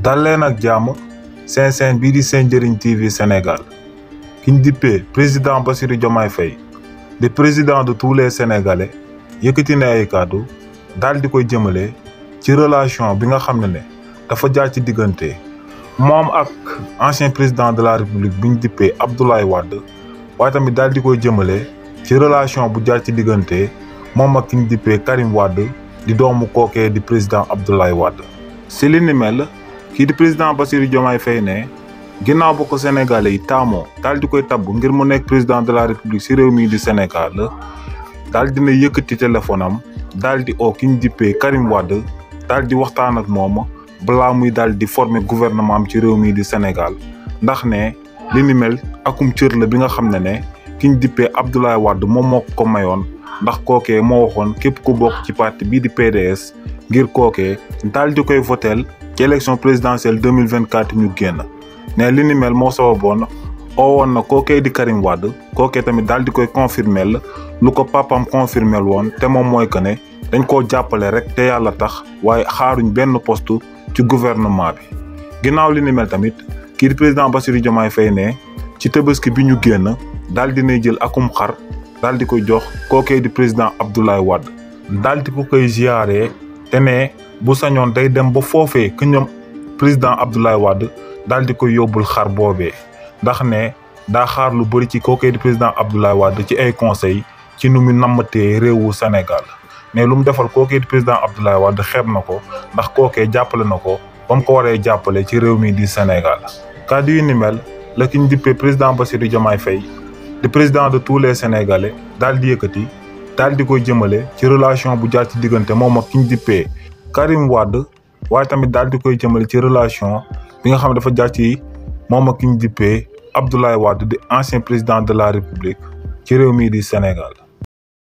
dalleen ak jàmm seen seen bii di seen njëriñ TV Sénégal kiñ dippee président Bassirou Diomaye fay di président de tous les sénégalais yëkkati na ay kàddu daal di koy jëmale ci relation bi nga xam ne ne dafa jaar ci diggante moom ak ancien président de la république bi ñu dippee Abdoulaye Wade waa tamit daal di koy jëmale ci relation bu jaar ci diggante moom ak ki ñu dippee Karim Wade di doomu kookee di président Abdoulaye Wade si li ni kii di président Bassirou Diomaye Faye ne ginnaaw ba ko sénégal yi taamoo daal di koy tabb ngir mu nekk président de la république si réew mii di Sénégal daal dina yëkkati téléphone am daal di oo ki ñu dippee Karim Wade daal di waxtaan ak moom balaa muy dal di former gouvernement am ci réew mii di Sénégal ndax ne li ni mel akum cër la bi nga xam ne ne kiñ dippee Abdoulaye Wade moom moo ko mayoon ndax kookee moo waxoon képp ku bokk ci parti bii di PDS ngir kook daal koy voteel ci élection présidentielle 2024 ñu génn ne li ni mel moo sababoon oo woon na kookee di Karim Wade kookee tamit dal di koy confirmel lu ko papam confirmel woon te moom mooy que ne dañ koo jàppale rek te yàlla tax waaye xaaruñ benn poste ci gouvernement bi ginnaaw li ni mel tamit kii di président Bassirou Diomaye fay ne ci Tabaski bi ñu génn daal dinay jël akum xar dal di koy jox kookee di président Abdoulaye Wade dal di ko koy ziyaare te ne bu sañoon day dem ba foofee que ñoom président Abdoulaye Wade daal di koy yóbbul xar boobee ndax ne daa xaar lu bëri ci kookee di président Abdoulaye Wade ci ay conseil ci nu mu nammatee réewu Sénégal mais lu mu defal kookee di président Abdoulaye Wade xeeb na ko ndax kookee jàppale na ko ba mu ko waree jàppale ci réew mi di Sénégal kàddu yu ni mel la ki ñu dippee président Bassirou Diomaye Faye di président de tous les Sénégalais daal di yëkkati daal di koy jëmale ci relation bu jaar ci diggante moom ak ki ñu dippee Karim Wade waaye tamit daal di koy jëmale ci relation bi nga xam dafa jaar ci moom ak ki ñu dippee Abdoulaye Wade di ancien président de la République ci réew mii di Sénégal.